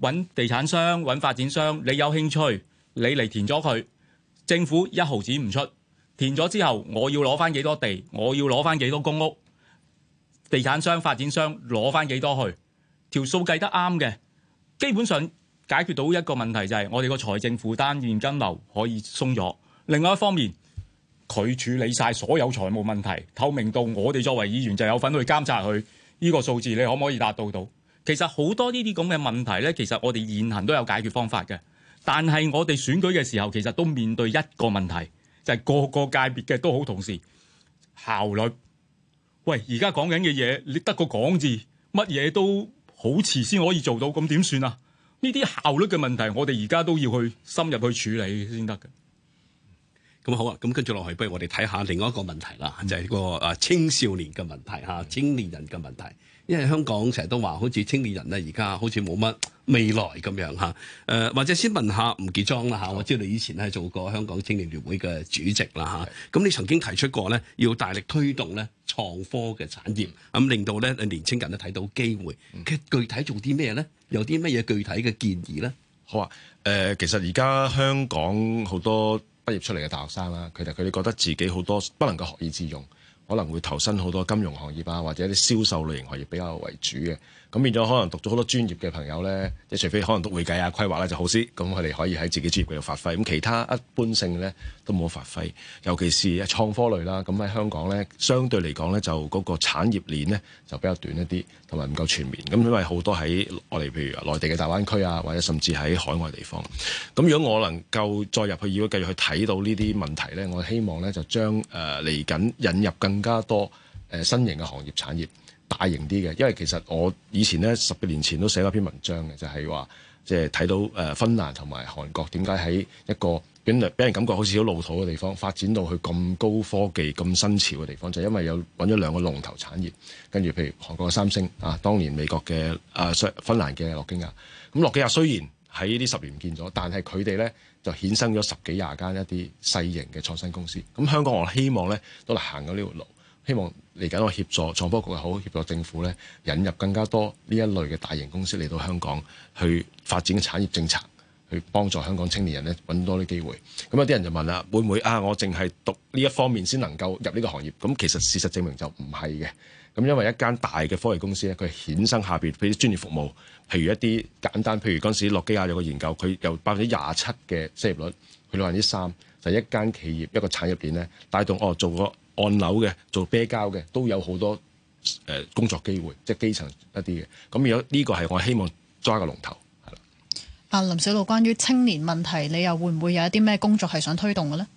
搵地產商，搵發展商，你有興趣？你嚟填咗佢，政府一毫子唔出。填咗之後，我要攞翻幾多地，我要攞翻幾多公屋，地產商、發展商攞翻幾多去，條數計得啱嘅，基本上解決到一個問題，就係我哋個財政負擔現金流可以鬆咗。另外一方面，佢處理晒所有財務問題，透明到我哋作為議員就有份去監察佢。呢、呢個數字你可唔可以達到到？其實好多呢啲咁嘅問題咧，其實我哋現行都有解決方法嘅。但係我哋選舉嘅時候，其實都面對一個問題，就係個個界別嘅都好同事，效率。喂，而家講緊嘅嘢，你得個講字，乜嘢都好遲先可以做到，咁點算啊？呢啲效率嘅問題，我哋而家都要去深入去處理先得嘅。咁好啊，咁跟住落去，不如我哋睇下另外一個問題啦，就係個啊青少年嘅問題吓，青年人嘅問題。因為香港成日都話，好似青年人咧，而家好似冇乜未來咁樣嚇。誒、呃，或者先問下吳傑莊啦嚇，我知道你以前係做過香港青年聯會嘅主席啦嚇。咁、啊、你曾經提出過咧，要大力推動咧創科嘅產業，咁令到咧年輕人都睇到機會。其實具體做啲咩咧？有啲乜嘢具體嘅建議咧？好啊。誒、呃，其實而家香港好多畢業出嚟嘅大學生啦，其實佢哋覺得自己好多不能夠學以致用。可能會投身好多金融行業啊，或者一啲銷售類型行業比較為主嘅，咁變咗可能讀咗好多專業嘅朋友呢，即除非可能讀會計啊、規劃咧、啊、就好啲，咁佢哋可以喺自己專業度發揮。咁其他一般性呢都冇發揮，尤其是創科類啦、啊。咁喺香港呢，相對嚟講呢，就嗰個產業鏈咧就比較短一啲，同埋唔夠全面。咁因為好多喺我哋譬如內地嘅大灣區啊，或者甚至喺海外地方。咁如果我能夠再入去，如果繼續去睇到呢啲問題呢，我希望呢就將誒嚟緊引入更更加多誒、呃、新型嘅行業、產業，大型啲嘅，因為其實我以前呢，十幾年前都寫過篇文章嘅，就係話即係睇到誒芬蘭同埋韓國點解喺一個俾人感覺好似好老土嘅地方發展到去咁高科技、咁新潮嘅地方，就係、因為有揾咗兩個龍頭產業，跟住譬如韓國嘅三星啊，當年美國嘅誒、啊、芬蘭嘅諾基亞。咁諾基亞雖然喺呢十年唔見咗，但係佢哋呢。就衍生咗十幾廿間一啲細型嘅創新公司，咁香港我希望咧都嚟行緊呢條路，希望嚟緊我協助創科局又好，協助政府咧引入更加多呢一類嘅大型公司嚟到香港，去發展產業政策，去幫助香港青年人咧揾多啲機會。咁有啲人就問啦、啊，會唔會啊？我淨係讀呢一方面先能夠入呢個行業？咁其實事實證明就唔係嘅。咁因為一間大嘅科技公司咧，佢衍生下邊譬如專業服務。譬如一啲簡單，譬如嗰陣時諾基亞有個研究，佢由百分之廿七嘅失業率去到百分之三，就是、一間企業一個產業鏈咧，帶動哦做個按鈕嘅、做啤膠嘅都有好多誒、呃、工作機會，即係基層一啲嘅。咁如果呢個係我希望抓個龍頭，係啦。阿、啊、林筱魯，關於青年問題，你又會唔會有一啲咩工作係想推動嘅咧？誒、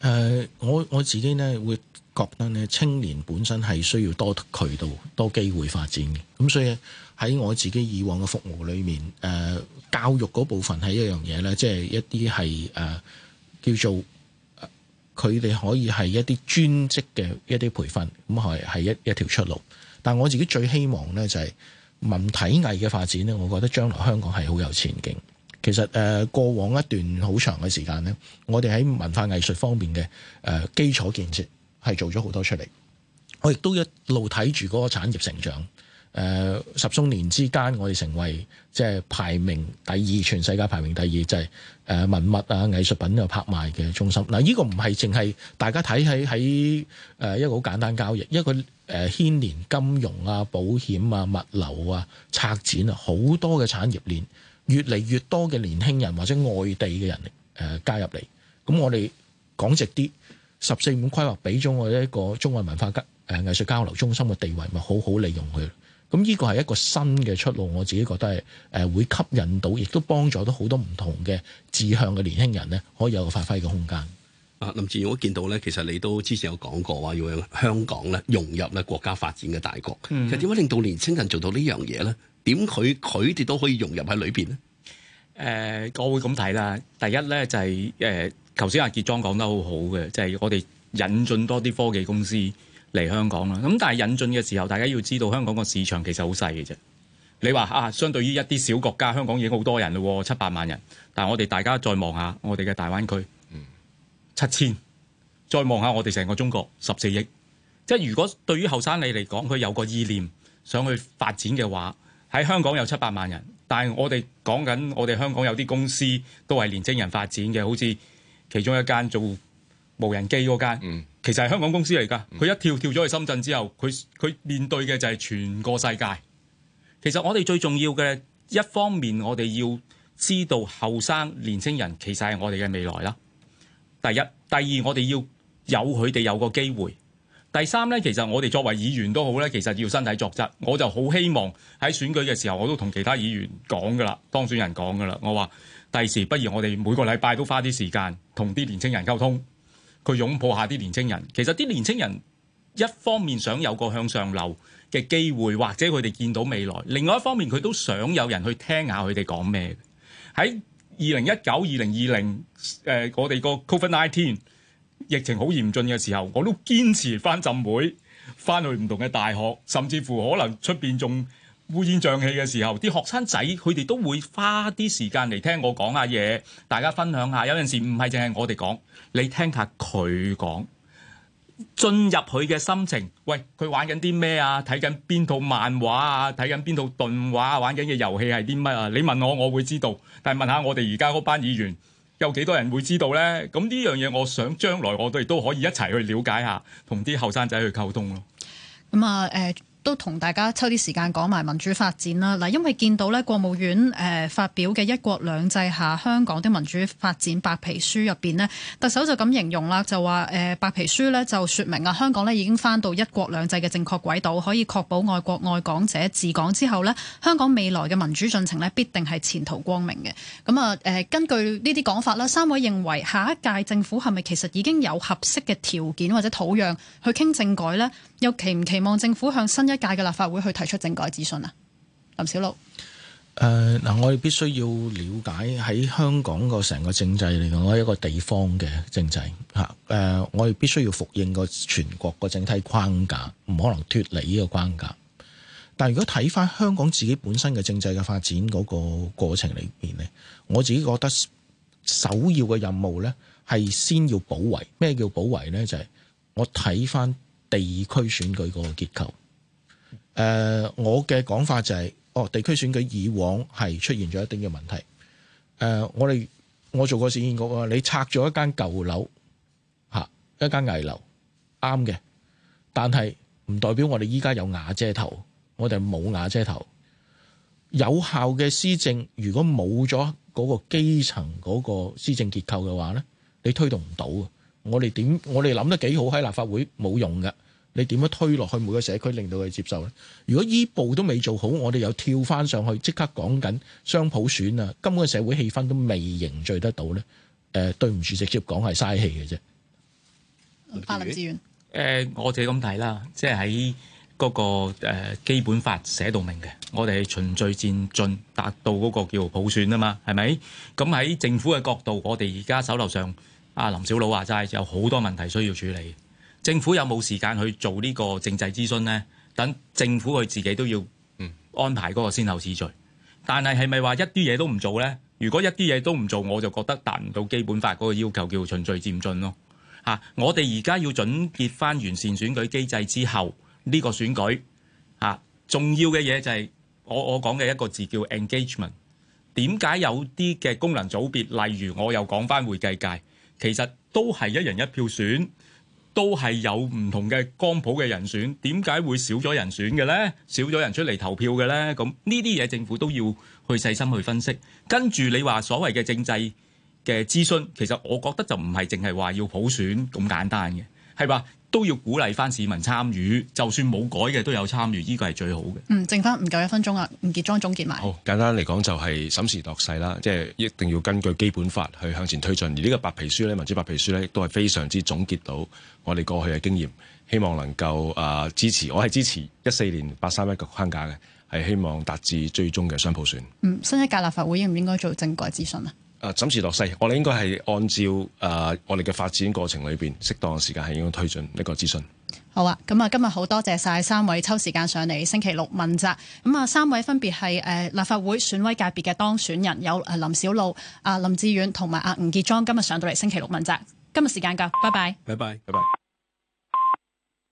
呃，我我自己呢會覺得咧，青年本身係需要多渠道、多機會發展嘅，咁所以喺我自己以往嘅服務裏面，誒、呃、教育嗰部分係一樣嘢呢，即係一啲係誒叫做佢哋、呃、可以係一啲專職嘅一啲培訓，咁係係一一條出路。但我自己最希望呢就係、係、文體藝嘅發展呢，我覺得將來香港係好有前景。其實誒、呃、過往一段好長嘅時間呢，我哋喺文化藝術方面嘅誒、呃、基礎建設。係做咗好多出嚟，我亦都一路睇住嗰個產業成長。誒十多年之間，我哋成為即係排名第二，全世界排名第二就係、是、誒文物啊、藝術品嘅、啊、拍賣嘅中心。嗱、呃，呢、這個唔係淨係大家睇喺喺誒一個好簡單交易，一個誒牽、呃、連金融啊、保險啊、物流啊、策展啊好多嘅產業鏈，越嚟越多嘅年輕人或者外地嘅人誒、呃、加入嚟。咁我哋講直啲。十四五規劃俾咗我一個中外文，文化交誒藝術交流中心嘅地位，咪好好利用佢。咁呢個係一個新嘅出路，我自己覺得係誒會吸引到，亦都幫助到好多唔同嘅志向嘅年輕人咧，可以有個發揮嘅空間。啊，林智，我見到咧，其實你都之前有講過話，要香港咧融入咧國家發展嘅大局。其實點解令到年青人做到呢樣嘢咧？點佢佢哋都可以融入喺裏邊咧？誒、嗯呃，我會咁睇啦。第一咧就係、是、誒。呃頭先阿傑莊講得好好嘅，即係我哋引進多啲科技公司嚟香港啦。咁但係引進嘅時候，大家要知道香港個市場其實好細嘅啫。你話啊，相對於一啲小國家，香港已經好多人咯，七百萬人。但係我哋大家再望下我哋嘅大灣區，七千。再望下我哋成個中國十四億。即係如果對於後生你嚟講，佢有個意念想去發展嘅話，喺香港有七百萬人。但係我哋講緊我哋香港有啲公司都係年青人發展嘅，好似。其中一間做無人機嗰間，嗯、其實係香港公司嚟㗎。佢、嗯、一跳跳咗去深圳之後，佢佢面對嘅就係全個世界。其實我哋最重要嘅一方面，我哋要知道後生年輕人其實係我哋嘅未來啦。第一、第二，我哋要有佢哋有個機會。第三呢，其實我哋作為議員都好咧，其實要身體作則。我就好希望喺選舉嘅時候，我都同其他議員講㗎喇，當選人講㗎喇，我話。第時，不如我哋每個禮拜都花啲時間同啲年青人溝通，佢擁抱下啲年青人。其實啲年青人一方面想有個向上流嘅機會，或者佢哋見到未來；另外一方面，佢都想有人去聽下佢哋講咩。喺二零一九、二零二零，誒，我哋個 COVID-19 疫情好嚴峻嘅時候，我都堅持翻浸會，翻去唔同嘅大學，甚至乎可能出邊仲。烏煙瘴氣嘅時候，啲學生仔佢哋都會花啲時間嚟聽我講下嘢，大家分享下。有陣時唔係淨係我哋講，你聽下佢講，進入佢嘅心情。喂，佢玩緊啲咩啊？睇緊邊套漫畫啊？睇緊邊套動畫啊？玩緊嘅遊戲係啲乜啊？你問我，我會知道。但係問下我哋而家嗰班議員，有幾多人會知道呢？咁呢樣嘢，我想將來我哋都可以一齊去了解下，同啲後生仔去溝通咯。咁啊、嗯，誒、uh。都同大家抽啲時間講埋民主發展啦！嗱，因為見到呢國務院誒、呃、發表嘅一國兩制下香港的民主發展白皮書入邊呢，特首就咁形容啦，就話誒、呃、白皮書呢就説明啊，香港呢已經翻到一國兩制嘅正確軌道，可以確保愛國愛港者治港之後呢，香港未來嘅民主進程呢，必定係前途光明嘅。咁啊誒，根據呢啲講法啦，三位認為下一屆政府係咪其實已經有合適嘅條件或者土壤去傾政改呢？又期唔期望政府向新一屆嘅立法會去提出政改諮詢啊？林筱魯，誒，嗱，我哋必須要了解喺香港個成個政制嚟講，一個地方嘅政制吓。誒、呃，我哋必須要復應個全國個整體框架，唔可能脫離呢個框架。但係如果睇翻香港自己本身嘅政制嘅發展嗰個過程裏邊咧，我自己覺得首要嘅任務咧係先要保衛。咩叫保衛咧？就係、是、我睇翻。地區選舉嗰個結構，誒、呃，我嘅講法就係、是，哦，地區選舉以往係出現咗一定嘅問題，誒、呃，我哋我做過試驗過啊，你拆咗一間舊樓，吓、啊，一間危樓，啱嘅，但係唔代表我哋依家有瓦遮頭，我哋冇瓦遮頭，有效嘅施政，如果冇咗嗰個基層嗰個施政結構嘅話咧，你推動唔到嘅。我哋點？我哋諗得幾好，喺立法會冇用嘅，你點樣推落去每個社區令到佢接受咧？如果依步都未做好，我哋又跳翻上去即刻講緊雙普選啊！根本個社會氣氛都未凝聚得到咧。誒、呃，對唔住，直接講係嘥氣嘅啫。法律支援誒，我自己咁睇啦，即係喺嗰個、呃、基本法寫到明嘅，我哋係循序漸進達到嗰個叫普選啊嘛，係咪？咁喺政府嘅角度，我哋而家手頭上。阿林筱魯話齋，有好多問題需要處理。政府有冇時間去做呢個政制諮詢呢？等政府佢自己都要安排嗰個先後次序。但係係咪話一啲嘢都唔做呢？如果一啲嘢都唔做，我就覺得達唔到基本法嗰個要求，叫循序漸進咯。吓、啊，我哋而家要總結翻完，完善選舉機制之後呢、這個選舉吓、啊，重要嘅嘢就係我我講嘅一個字叫 engagement。點解有啲嘅功能組別，例如我又講翻會計界？其實都係一人一票選，都係有唔同嘅光譜嘅人選，點解會少咗人選嘅呢？少咗人出嚟投票嘅呢？咁呢啲嘢政府都要去細心去分析。跟住你話所謂嘅政制嘅諮詢，其實我覺得就唔係淨係話要普選咁簡單嘅，係吧？都要鼓勵翻市民參與，就算冇改嘅都有參與，呢、這個係最好嘅。嗯，剩翻唔夠一分鐘啊，吳傑莊總結埋。結好簡單嚟講就係審時度勢啦，即係一定要根據基本法去向前推進。而呢個白皮書咧，民主白皮書咧，亦都係非常之總結到我哋過去嘅經驗，希望能夠誒、呃、支持。我係支持一四年八三一個框架嘅，係希望達至最終嘅雙普選。嗯，新一屆立法會應唔應該做政改諮詢啊？誒，審、呃、時落勢，我哋應該係按照誒、呃，我哋嘅發展過程裏邊適當嘅時間係應該推進呢個諮詢。好啊，咁啊，今日好多謝晒三位抽時間上嚟星期六問責。咁啊，三位分別係誒、呃、立法會選委界別嘅當選人，有誒林筱魯、阿、啊、林智遠同埋阿吳傑莊，今日上到嚟星期六問責。今日時間夠，拜拜，拜拜，拜拜。